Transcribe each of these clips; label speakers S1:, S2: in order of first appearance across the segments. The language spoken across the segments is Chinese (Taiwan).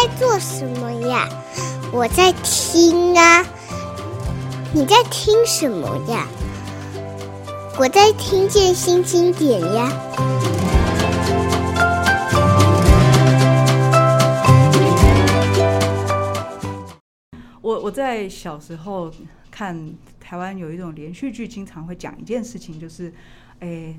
S1: 你在做什麼呀？我在聽啊。你在聽什麼呀？我在聽見新經典呀。
S2: 我我在小時候看台灣有一種連續劇，經常會講一件事情，就是，誒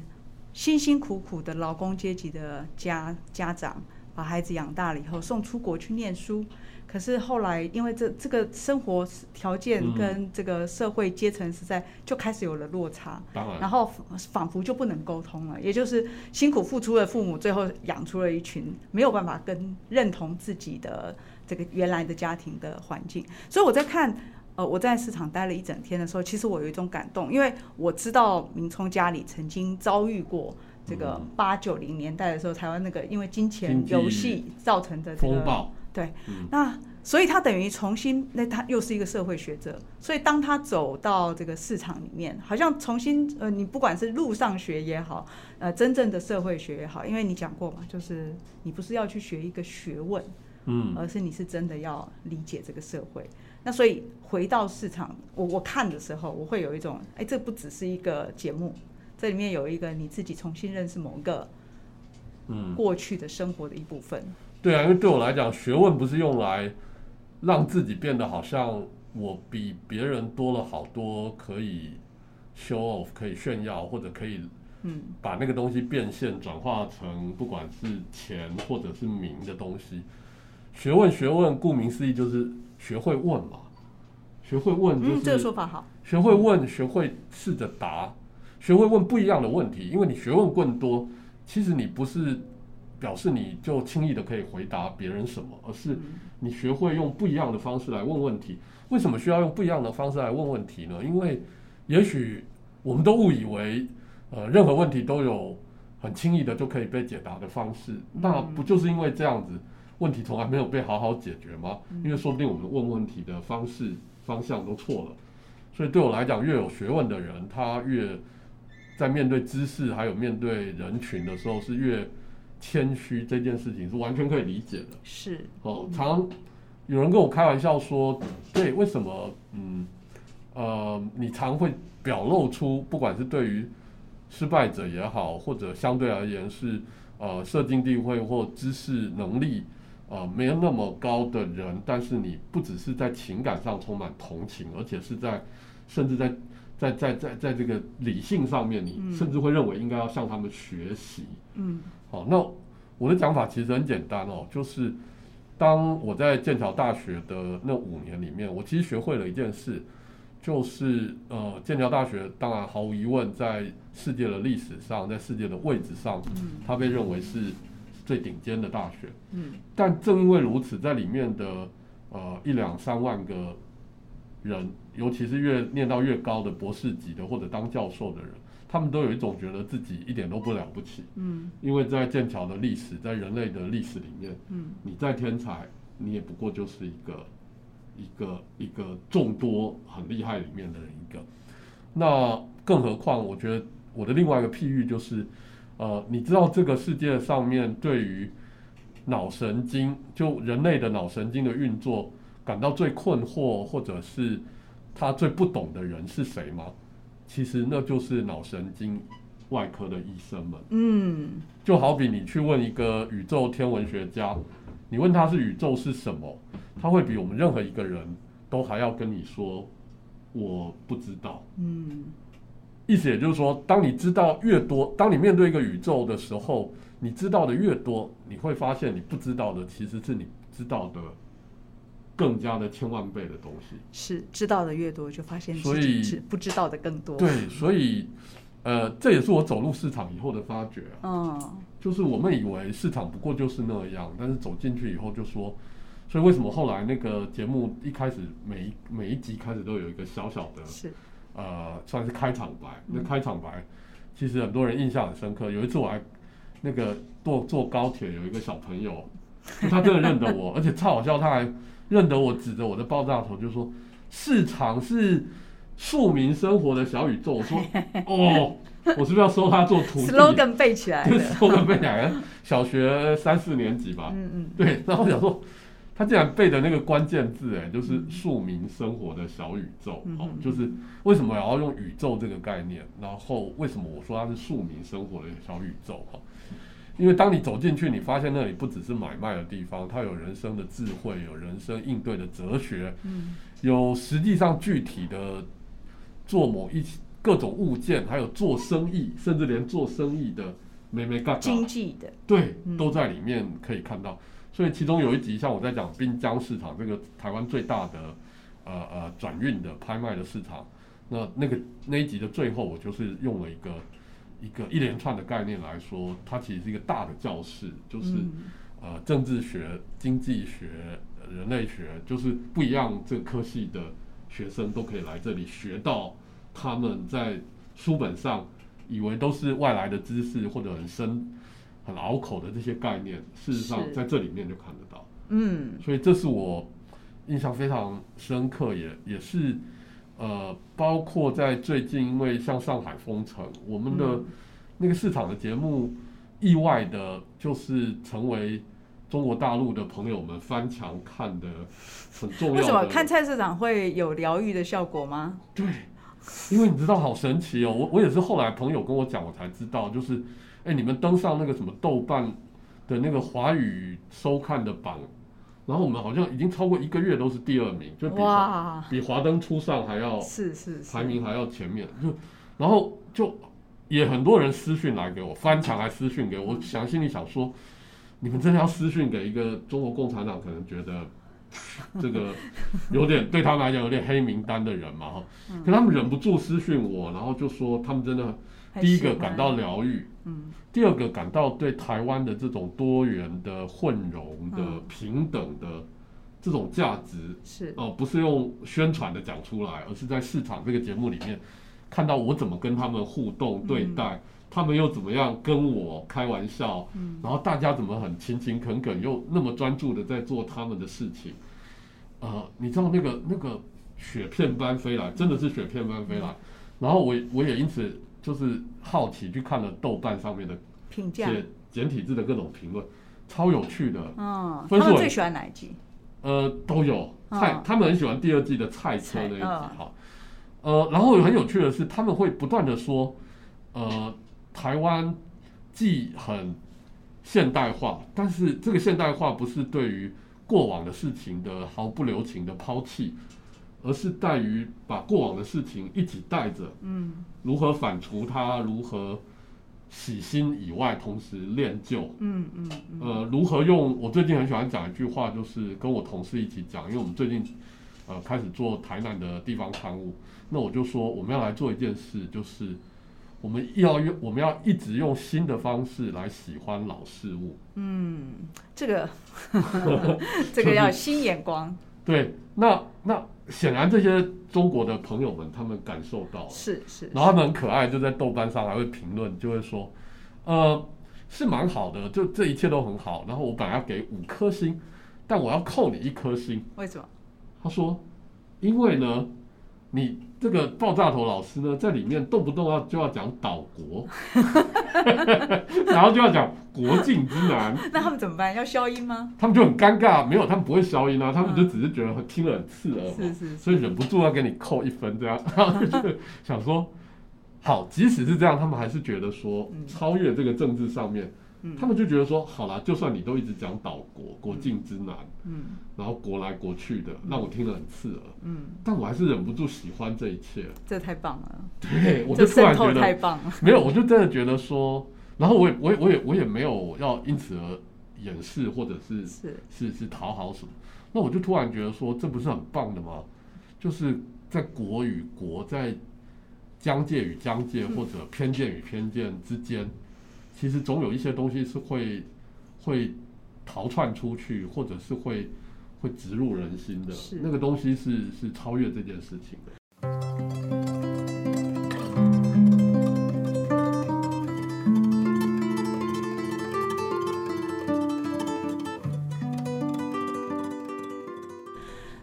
S2: 辛辛苦苦的勞工階級的家家長。把孩子養大了以後送出國去念書，可是後來因為這這個生活條件跟這個社會階層實在就開始有了落差，嗯、然,然後仿,仿佛就不能溝通了。也就是辛苦付出的父母，最後養出了一群沒有辦法跟認同自己的這個原來的家庭的環境。所以我在看呃我在市場待了一整天的時候，其實我有一種感動，因為我知道明聰家裡曾經遭遇過。這個八九零年代的時候，台灣那個因為金錢遊戲造成的這個，對，那所以他等於重新，那他又是一個社會學者，所以當他走到這個市場裡面，好像重新，呃，你不管是路上學也好，呃，真正的社會學也好，因為你講過嘛，就是你不是要去學一個學問，嗯，而是你是真的要理解這個社會。那所以回到市場，我我看的時候，我會有一種，哎，這不只是一個節目。這裡面有一個你自己重新認識某個，嗯，
S3: 過
S2: 去的生活
S3: 的一部分，嗯。對啊，因為對我來講，學問不是用來讓自己變得好像我比別人多了好多可以 show off、可以炫耀或者可以嗯把那個東西變現、轉化成不管是錢或者是名的東西。學問，學問，顧名思義就是學會問嘛。學會問，就是學會問，嗯，這個說法好。學會問，學會試着答。學會問不一樣的問題，因為你學問更多，其實你不是表示你就輕易的可以回答別人什麼，而是你學會用不一樣的方式來問問題。為什麼需要用不一樣的方式來問問題呢？因為也許我們都誤以為，呃，任何問題都有很輕易的就可以被解答的方式，那不就是因為這樣子，問題從來沒有被好好解決嗎？因為說不定我們問問題的方式方向都錯了。所以對我來講，越有學問的人，他越……在面對知識還有面對人群的時候，是越謙虛，這件事情是完全可以理解的。是哦，常有人跟我開玩笑說，對，為什麼嗯呃，你常會表露出，不管是對於失敗者也好，或者相對而言是呃，社經地位或知識能力呃沒有那麼高的人，但是你不只是在情感上充滿同情，而且是在甚至在。在在在在這個理性上面，你甚至會認為應該要向他們學習。嗯，好，那我的講法其實很簡單哦，就是當我在劍橋大學的那五年裡面，我其實學會了一件事，就是呃，劍橋大學當然毫無疑問在世界的歷史上，在世界的位置上，它被認為是最頂尖的大學。嗯，但正因為如此，在裡面的呃一兩三萬個。人，尤其是越念到越高的博士級的或者當教授的人，他們都有一種覺得自己一點都不了不起。嗯，因為在劍橋的歷史，在人類的歷史裡面，嗯，你再天才，你也不過就是一個一個一個眾多很厲害裡面的人一個。那更何況，我覺得我的另外一個譬喻就是，呃，你知道這個世界上面對於腦神經，就人類的腦神經的運作。感到最困惑，或者是他最不懂的人是誰嗎？其實那就是腦神經外科的醫生們嗯，就好比你去問一個宇宙天文學家，你問他是宇宙是什麼，他會比我們任何一個人都還要跟你說我不知道。嗯，意思也就是說，當你知道越多，當你面對一個宇宙的時候，你知道的越多，你會發現你不知道的其實是你知道的。更加的千萬倍的東西
S2: 是知道的越多，就發現所以是不知道的更多。對，所
S3: 以，呃，這也是我走入市場以後的發覺、啊、
S2: 嗯，
S3: 就是我們以為市場不過就是那樣，但是走進去以後就說，所以為什麼後來那個節目一開始每一每一集開始都有一個小小的，是呃，算是開場白。嗯、那開場白其實很多人印象很深刻。有一次我還那個坐坐高鐵，有一個小朋友，他真的認得我， 而且超好笑，他還。認得我，指着我的爆炸頭就是說：“市場是庶民生活的小宇宙。”我
S2: 說：“哦，我
S3: 是不是要收他做徒弟 ？”slogan
S2: 背起來
S3: 了，背，兩個小學三四年級吧。嗯嗯。對，然後我想說，他竟然背的那個關鍵字、欸，就是庶民生活的小宇宙。就是為什麼我要用宇宙這個概念？然後為什麼我說它是庶民生活的小宇宙？因為當你走進去，你發現那裡不只是買賣的地方，它有人生的智慧，有人生應對的哲學，嗯，有實際上具體的做某一各種物件，還有做生意，甚至連做生意的每每個經濟的對都在裡面可以看到。嗯，所以其中有一集，像我在講濱江市場這、那個台灣最大的呃呃轉運的拍賣的市場，那那個那一集的最後，我就是用了一個。一個一連串的概念來說，它其實是一個大的教室，就是、嗯、呃，政治學、經濟學、人類學，就是不一樣這個科系的學生都可以來這裡學到他們在書本上以為都是外來的知識或者很深很拗口的這些概念，事實上在這裡面就看得到。嗯，所以這是我印象非常深刻，也也是。呃，包括在最近，因為像上海封城，我們的那個市場的節目，意外的就是成為中國大陸的朋友們翻牆看的很重要。為什麼看
S2: 菜市場會有療癒的效果嗎？對，
S3: 因為你知道好神奇哦！我我也是後來朋友跟我講，我才知道，就是哎，你們登上那個什麼豆瓣的那個華語收看的榜。然後我們好像已經超過一個月都是第二名，就比比華燈初上還要是是排名還要前面，就然後就也很多人私訊來給我，翻牆來私訊給我，我想心裡想說，你們真的要私訊給一個中國共產黨可能覺得這個有點對他們來講有點黑名單的人嘛哈？ 可他們忍不住私訊我，然後就說他們真的。第一個感到療癒，
S1: 嗯，
S3: 第二個感到對台灣的這種多元的混融的、嗯、平等的這種價值、嗯、是哦、呃，不是用宣傳的講出來，而是在市場這個節目裡面看到我怎麼跟他們互動對待、嗯，他們又怎麼樣跟我開玩笑，嗯，然後大家怎麼很勤勤懇懇又那麼專注的在做他們的事情，呃，你知道那個那個雪片般飛來，真的是雪片般飛來，嗯、然後我我也因此。就是好奇去看了豆瓣上面的評價，簡體字的各種評論，超有趣的。嗯、哦、他們最喜歡哪一集？呃，都有、哦、菜，他們很喜歡第二季的菜車那一集哈、哦。呃，然後很有趣的是，他們會不斷的說，呃，台灣既很現代化，但是這個現代化不是對於過往的事情的毫不留情的拋棄。而是在於把過往的事情一起帶着，嗯，如何反芻它，如何洗心以外，同時練舊，嗯嗯、嗯呃，如何用？我最近很喜歡講一句話，就是跟我同事一起講，因為我們最近呃開始做台南的地方刊物，那我就說我們要來做一件事，就是我們要用我們要一直用新的方式來喜歡老事物。嗯，這個 這個要新眼光。 就是、對，那那。顯然，這些中國的朋友們他們感受到了，是是，然後他們很可愛，就在豆瓣上還會評論，就會說，呃，是蠻好的，就這一切都很好。然後我本來要給五顆星，但我要扣你一顆星。為什麼？他說，因為呢。你這個爆炸頭老師呢，在裡面動不動要就要講島國， 然後就要講國境之南。
S2: 那他們怎麼辦？要消音嗎？
S3: 他們就很尷尬，沒有，他們不會消音啊，他們就只是覺得聽得很刺耳， 是是，是，所以忍不住要給你扣一分，這樣，然後就覺得想說，好，即使是這樣，他們還是覺得說超越這個政治上面。嗯他們就覺得說，好啦，就算你都一直講島國國境之難，嗯，然後國來國去的，那、嗯、我聽得很刺耳，嗯，但我還是忍不住喜歡這一切，這太棒了，對，對我就突然覺得太棒了，沒有，我就真的覺得說，然後我也，我也，我也，我也沒有要因此而掩飾或者是是是是討好什麼，那我就突然覺得說，這不是很棒的嗎？就是在國與國在疆界與疆界或者偏見與偏見之間。其實總有一些東西是會會逃竄出去，或者是會會植入人心的。那個東西是是超越這件事情的。啊，嗯、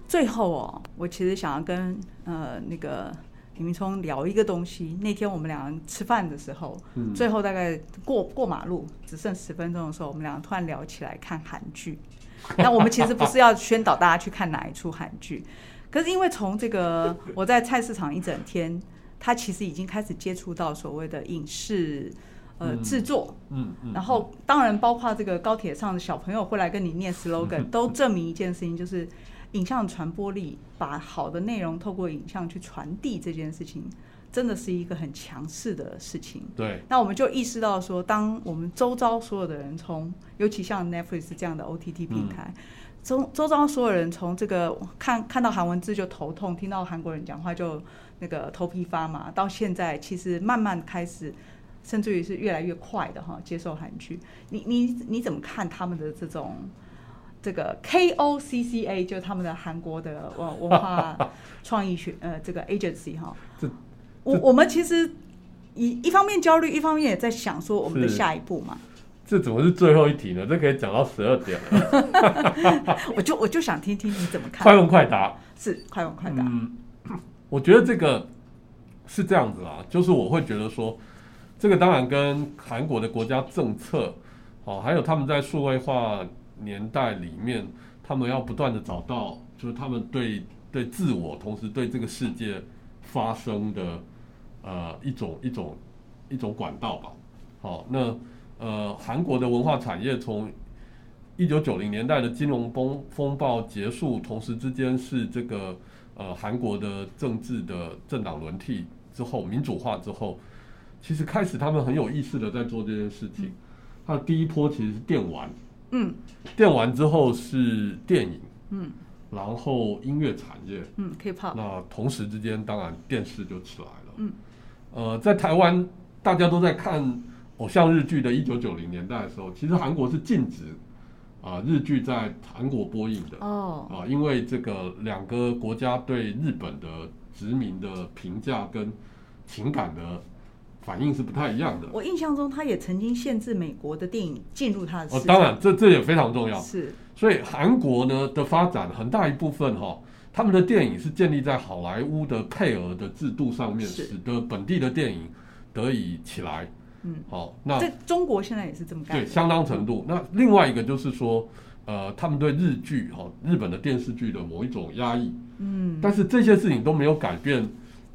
S2: 最後哦，喔，我其實想要跟呃那個。平常聊一個東西，那天我們倆人吃飯的時候、嗯，最後大概過過馬路只剩十分鐘的時候，我們倆人突然聊起來看韓劇。
S3: 那我們其實不是要
S2: 宣導大家去看哪一出韓劇，可是因為從這個我在菜市場一整天，他其實已經開始接觸到所謂的影視呃製作嗯嗯，嗯，然後當然包括這個高鐵上的小朋友會來跟你念 slogan，都證明一件事情就是。影像傳播力把好的內容透過影像去傳遞這件事情，真的是一個很強勢的事情。對，那我們就意識到說，當我們周遭所有的人從，尤其像 Netflix 這樣的 OTT 平台，嗯、周周遭所有人從這個看看到韓文字就頭痛，聽到韓國人講話就那個頭皮發麻，到現在其實慢慢開始，甚至於是越來越快的哈，接受韓劇。你你你怎麼看他們的這種？這個 KOCCA 就是他們的韓國的文化創意學 呃，這個 agency 哈。我我們其實一一方面焦慮，一方面也在想說我們的下一步嘛。
S3: 這怎麼是最後一題呢？這可以講到十二點了。
S2: 我就我就想聽聽你怎麼看。快問快答是, 是 快問快答。嗯，
S3: 我覺得這個是這樣子啊，就是我會覺得說，這個當然跟韓國的國家政策啊，哦，還有他們在數位化。年代裡面，他們要不斷地找到，就是他們對對自我，同時對這個世界發生的呃一種一種一種管道吧。好，那呃韓國的文化產業從一九九零年代的金融風風暴結束，同時之間是這個呃韓國的政治的政黨輪替之後民主化之後，其實開始他們很有意識的在做這件事情。它的第一波其實是電玩。嗯，電玩之後是電影，嗯，然後音樂產業，嗯，K-pop。那同時之間當然電視就起來了，嗯，呃，在台灣大家都在看偶像日劇的一九九零年代的時候，其實韓國是禁止啊、呃、日劇在韓國播映的，哦，啊、呃，因為這個兩個國家對日本的殖民的評價跟情感的。反應是不太一樣的。我
S2: 印象中，他也曾經限制美國的電影進入他的市場。哦，當然，
S3: 這這也非常重要。是，所以韓國呢的發展很大一部分哈、哦，他們的電影是建立在好萊塢的配額的制度上面，使得本地的電影得以起來。嗯，好、哦，那在
S2: 中國現在也是這麼幹。對，相當程
S3: 度。那另外一個就是說，呃，他們對日劇哈、哦，日本的電視劇的某一種壓抑。嗯，但是這些事情都沒有改變。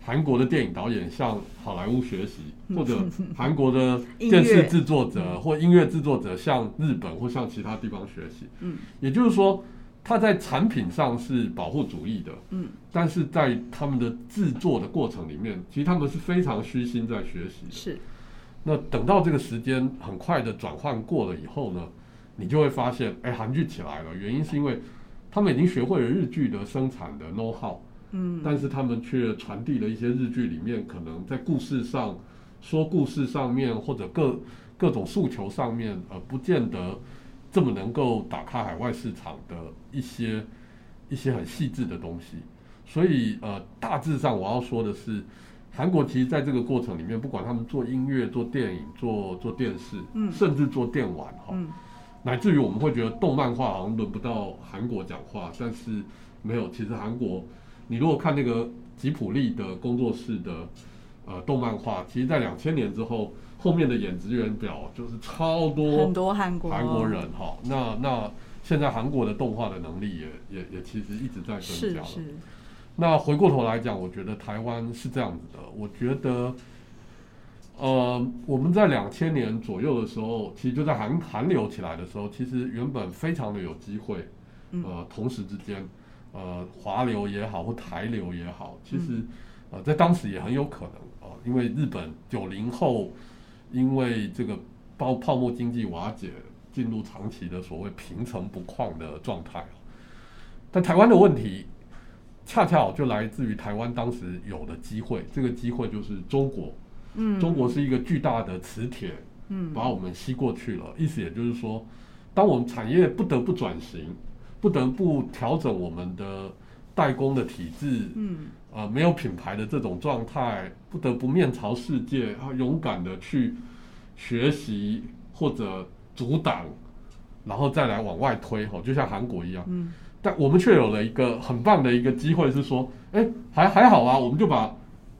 S3: 韓國的電影導演向好萊塢學習，或者韓國的電視製作者或音樂製作者向日本或向其他地方學習。也就是說，他在產品上是保護主義的。但是在他們的制作的過程裡面，其實他們是非常虛心在學習。是。那等到這個時間很快的轉換過了以後呢，你就會發現，哎，韓劇起來了，原因是因為他們已經學會了日劇的生產的 know-how。嗯，但是他們卻傳遞了一些日劇裡面可能在故事上說故事上面，或者各各種訴求上面呃，不見得這麼能夠打開海外市場的一些一些很細緻的東西。所以呃，大致上我要說的是，韓國其實在這個過程裡面，不管他們做音樂、做電影、做做電視，甚至做電玩哈、哦，乃至於我們會覺得動漫畫好像輪不到韓國講話，但是沒有，其實韓國。你如果看那個吉卜力的工作室的，呃，動漫畫，其實，在兩千年之後，後面的演職員表就是超多很多韓國人、哦、哈。那那現在韓國的動畫的能力也也也其實一直在增加了。是是。那回過頭來講，我覺得台灣是這樣子的。我覺得，呃，我們在兩千年左右的時候，其實就在韓韓流起來的時候，其實原本非常的有機會，呃，同時之間。嗯呃，華流也好，或台流也好，其實，呃，在當時也很有可能啊，呃，因為日本九零後，因為這個包泡沫經濟瓦解，進入長期的所謂平成不況的狀態，但台灣的問題，恰恰就來自於台灣當時有的機會，這個機會就是中國，嗯，中國是一個巨大的磁鐵，嗯，把我們吸過去了，嗯。意思也就是說，當我們產業不得不轉型。不得不調整我們的代工的體制，嗯，啊、呃，沒有品牌的這種狀態，不得不面朝世界，啊、勇敢的去學習或者阻擋，然後再來往外推，哦，就像韓國一樣，嗯，但我們卻有了一個很棒的一個機會，是說，哎、欸，還還好啊，我們就把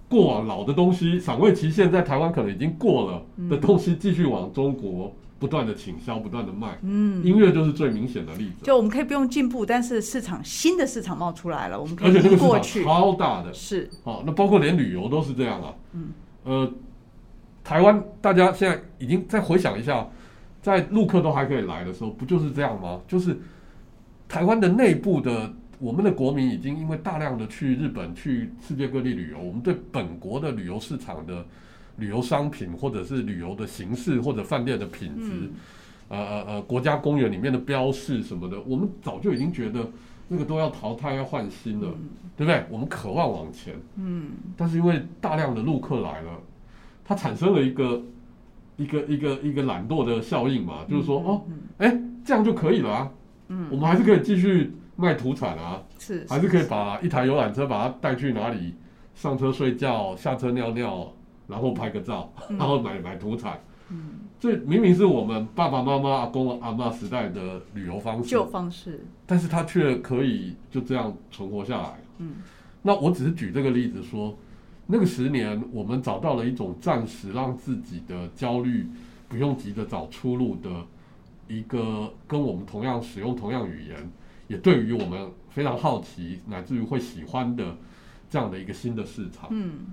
S3: 過往老的東西，賞、嗯、味期限在台灣可能已經過了的東西，繼續往中國。嗯不斷的傾銷，不斷的賣，嗯，音樂就是最明顯的例子。嗯，
S2: 就我們可以不用進步，但是市場新的市場冒出來了，我們可以過去。超
S3: 大的是好、哦，那包括連旅遊都是這樣啊，嗯，呃，台灣大家現在已經再回想一下，在陸客都還可以來的時候，不就是這樣嗎？就是台灣的內部的我們的國民已經因為大量的去日本去世界各地旅遊，我們對本國的旅遊市場的。旅遊商品，或者是旅遊的形式，或者飯店的品質，嗯，呃呃呃，國家公園裡面的標識什麼的，我們早就已經覺得那個都要淘汰，要換新的，嗯，對不對？我們渴望往前，嗯，但是因為大量的陸客來了，它產生了一個一個一個一個懶惰的效應嘛，就是說，嗯嗯、哦，哎、欸，這樣就可以了，啊，嗯，
S1: 我們還是可以
S3: 繼續賣土產啊，是、嗯，還是可以把一台遊覽車把它帶去哪裡，上車睡覺，下車尿尿。然後拍個照，然後買買土產。嗯，這、嗯、明明是我們爸爸媽媽阿公阿嬤時代的旅遊方式，舊方式，但是他卻可以就這樣存活下來。嗯，那我只是舉這個例子說，那個十年，我們找到了一種暫時讓自己的焦慮不用急着找出路的一個跟我們同樣使用同樣語言，也對於我們非常好奇乃至於會喜歡的這樣的一個新的市場。嗯。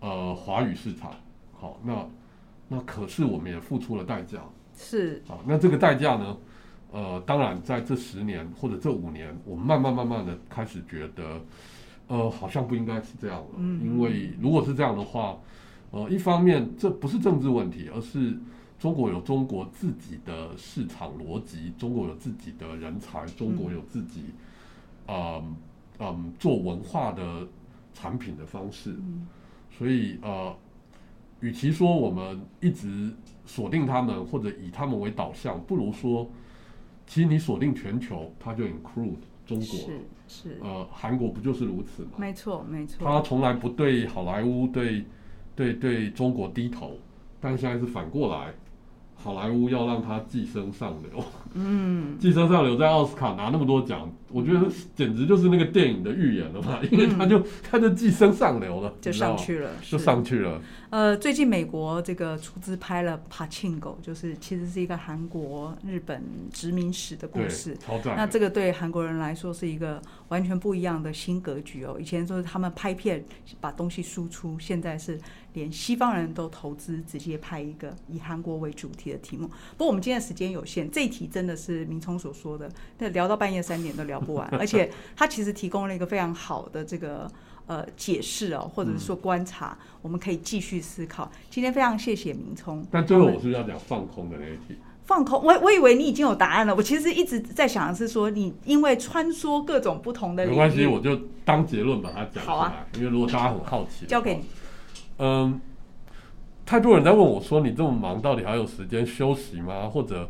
S3: 呃，華語市場，好，那那可是我們也付出了代價，
S2: 是啊，那這個
S3: 代價呢，呃，當然在這十年或者這五年，我們慢慢慢慢的開始覺得，呃，好像不應該是這樣了，嗯，因為如果是這樣的話，呃，一方面這不是政治問題，而是中國有中國自己的市場邏輯，中國有自己的人才，中國有自己，嗯嗯，嗯，做文化的產品的方式。嗯所以，呃，與其說我們一直鎖定他們或者以他們為導向，不如說，其實你鎖定全球，他就 include 中國，是是，呃，韓國不就是如此嗎？沒錯，沒錯。他從來不對好萊塢、對對對中國低頭，但現在是反過來。好萊塢要讓他寄生上流，嗯，寄生上流在奧斯卡拿那麼多獎，嗯，我覺得簡直就是那個電影的預言了嘛，嗯，因為他就他就寄生上流了，就上去了，就上去了。
S2: 呃，最近美國這個出資拍了《柏青哥》，就是其實是一個韓國日本殖民史的故事，超贊。那這個對韓國人來說是一個完全不一樣的新格局哦。以前就是他們拍片把東西輸出，現在是。連西方人都投資，直接拍一個以韓國為主題的題目。不過我們今天的時間有限，這一題真的是明璁所說的，那聊到半夜三點都聊不完。而且他其實提供了一個非常好的這個呃解釋哦，或者是說觀察，我們可以繼續思考。今天非常謝謝明璁。但最後我
S3: 是要講放空的那一題。
S2: 放空，我我以為你已經有答案了。我其實一直在想的是說，你因為穿梭各種不同的。沒關係，我
S3: 就當結論把它講出來。因為如果大家很好奇，啊，交給你。嗯，太多人在問我說：“你這麼忙，到底還有時間休息嗎？或者，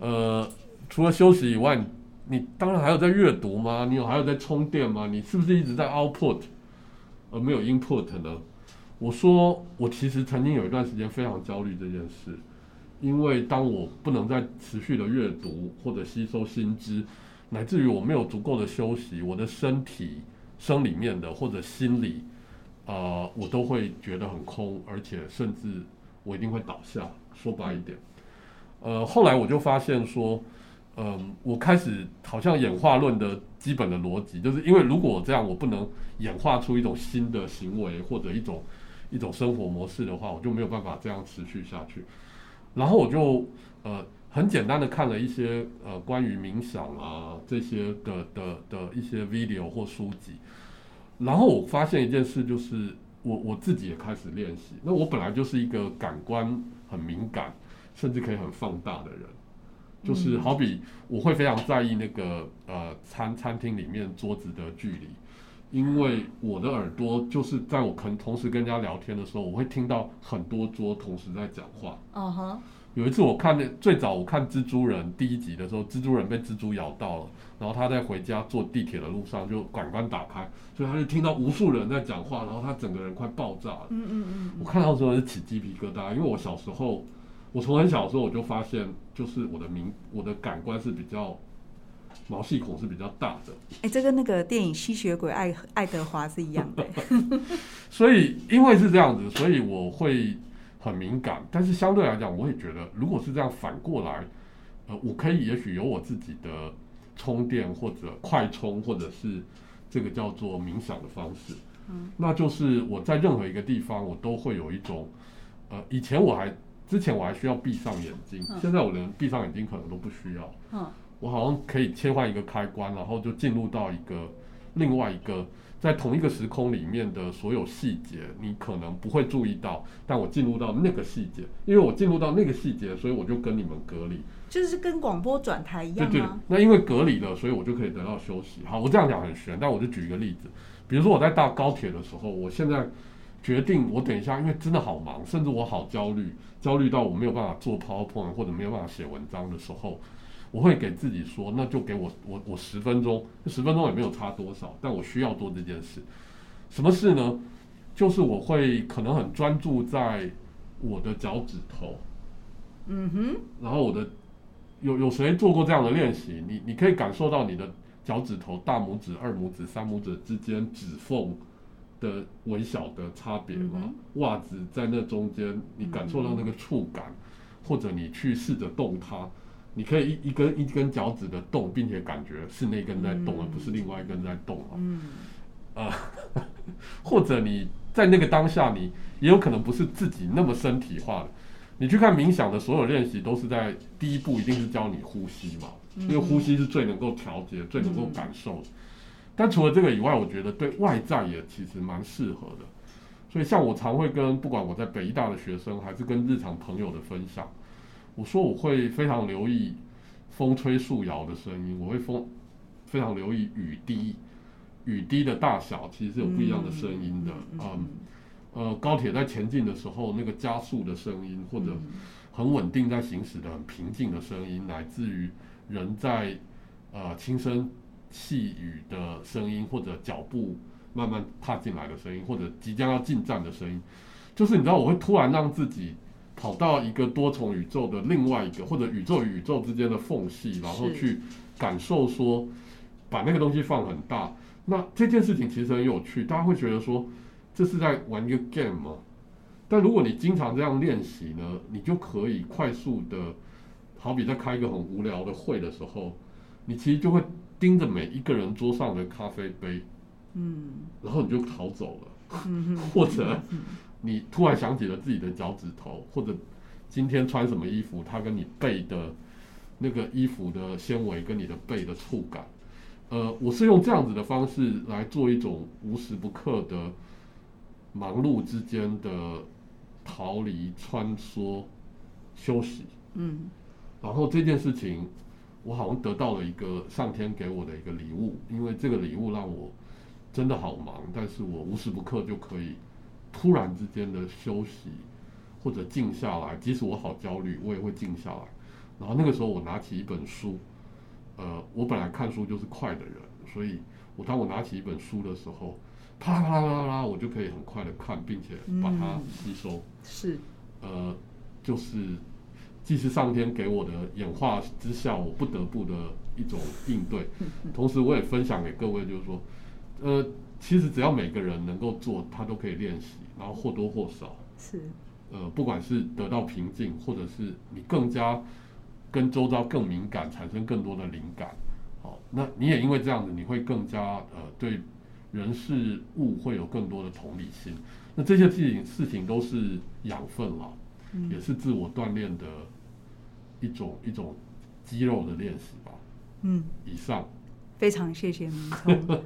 S3: 呃，除了休息以外，你，你當然還有在閱讀嗎？你有還有在充電嗎？你是不是一直在 output 而沒有 input 呢？”我說：“我其實曾經有一段時間非常焦慮這件事，因為當我不能再持續的閱讀或者吸收新知，乃至於我沒有足夠的休息，我的身體、生理面的或者心理。”啊、呃，我都會覺得很空，而且甚至我一定會倒下。說白一點，呃，後來我就發現說，嗯、呃，我開始好像演化論的基本的邏輯，就是因為如果我這樣我不能演化出一種新的行為或者一種一種生活模式的話，我就沒有辦法這樣持續下去。然後我就呃很簡單的看了一些呃關於冥想啊這些的的的一些 video 或書籍。然後我發現一件事，就是我我自己也開始練習。那我本來就是一個感官很敏感，甚至可以很放大的人，
S2: 就是好
S3: 比我會非常在意那個呃餐餐廳裡面桌子的距離，因為我的耳朵就是在我可能同時跟人家聊天的時候，我會聽到很多桌同時在講話。
S2: 嗯哼。
S3: 有一次我看那最早我看蜘蛛人第一集的時候，蜘蛛人被蜘蛛咬到了，然後他在回家坐地鐵的路上就感官打開，所以他就聽到無數人在講話，然後他整個人快爆炸了。嗯嗯嗯，我看到的時候是起雞皮疙瘩，因為我小時候，我從很小的時候我就發現，就是我的敏我的感官是比較毛細孔是比較大的。
S2: 哎、欸，這跟那個電影《吸血鬼愛愛德華》是一樣的、欸。
S3: 所以因為是這樣子，所以我會。很敏感，但是相對來講，我也覺得，如果是這樣反過來，呃，我可以也許有我自己的充電或者快充，或者是這個叫做冥想的方式。嗯，那就是我在任何一個地方，我都會有一種，呃，以前我還之前我還需要閉上眼睛，嗯，現在我連閉上眼睛可能都不需要。嗯，我好像可以切換一個開關，然後就進入到一個另外一個。在同一個時空裡面的所有細節，你可能不會注意到。但我進入到那個細節，因為我進入到那個細節，所以我就跟你們隔離，
S2: 就是跟廣播轉台一樣嗎？對對。
S3: 那因為隔離了，所以我就可以得到休息。好，我這樣講很玄，但我就舉一個例子，比如說我在搭高鐵的時候，我現在決定我等一下，因為真的好忙，甚至我好焦慮，焦慮到我沒有辦法做 PowerPoint 或者沒有辦法寫文章的時候。我會給自己說，那就給我我我十分鐘，十分鐘也沒有差多少，但我需要做這件事。什麼事呢？就是我會可能很專注在我的腳趾頭，
S1: 嗯哼。
S3: 然後我的有有誰做過這樣的練習？你你可以感受到你的腳趾頭、大拇指、二拇指、三拇指之間指縫的微小的差別嗎？嗯哼。襪子在那中間，你感受到那個觸感，嗯、或者你去試着動它。你可以一一根一根腳趾的動，並且感覺是那根在動，嗯、而不是另外一根在動啊。啊、嗯呃，或者你在那個當下，你也有可能不是自己那麼身體化的。你去看冥想的所有練習，都是在第一步一定是教你呼吸嘛，嗯、因為呼吸是最能夠調節、最能夠感受的、嗯。但除了這個以外，我覺得對外在也其實蠻適合的。所以，像我常會跟不管我在北醫大的學生，還是跟日常朋友的分享。我說，我會非常留意風吹樹搖的聲音，我會風非常留意雨滴，雨滴的大小其實是有不一樣的聲音的，嗯嗯嗯。嗯，呃，高鐵在前進的時候，那個加速的聲音，或者很穩定在行駛的很平靜的聲音，來、嗯、自於人在呃輕聲細語的聲音，或者腳步慢慢踏進來的聲音，或者即將要進站的聲音，就是你知道我會突然讓自己。跑到一個多重宇宙的另外一個，或者宇宙與宇宙之間的縫隙，然後去感受說，把那個東西放很大。那這件事情其實很有趣，大家會覺得說，這是在玩一個 game 嗎？但如果你經常這樣練習呢，你就可以快速的，好比在開一個很無聊的會的時候，你其實就會盯着每一個人桌上的咖啡杯，嗯，然後你就逃走了，或者。你突然想起了自己的腳趾頭，或者今天穿什麼衣服，它，跟你背的那個衣服的纖維跟你的背的觸感，呃，我是用這樣子的方式來做一種無時不刻的忙碌之間的逃離、穿梭、休息。嗯，然後這件事情，我好像得到了一個上天給我的一個禮物，因為這個禮物讓我真的好忙，但是我無時不刻就可以。突然之間的休息或者靜下來，即使我好焦慮，我也會靜下來。然後那個時候，我拿起一本書，呃，我本來看書就是快的人，所以我當我拿起一本書的時候，啪啪啪啪，我就可以很快的看，並且把它吸收。是，呃，就是既是上天給我的演化之下，我不得不的一種應對。同時，我也分享給各位，就是說，呃。其實只要每個人能夠做，他都可以練習，然後或多或少
S1: 是，
S3: 呃，不管是得到平靜，或者是你更加跟周遭更敏感，產生更多的靈感。好、哦，那你也因為這樣子，你會更加呃，對人事物會有更多的同理心。那這些事情事情都是養分了、嗯，也是自我鍛鍊的一種一種肌肉的練習吧。嗯，以上
S2: 非常謝謝明
S3: 璁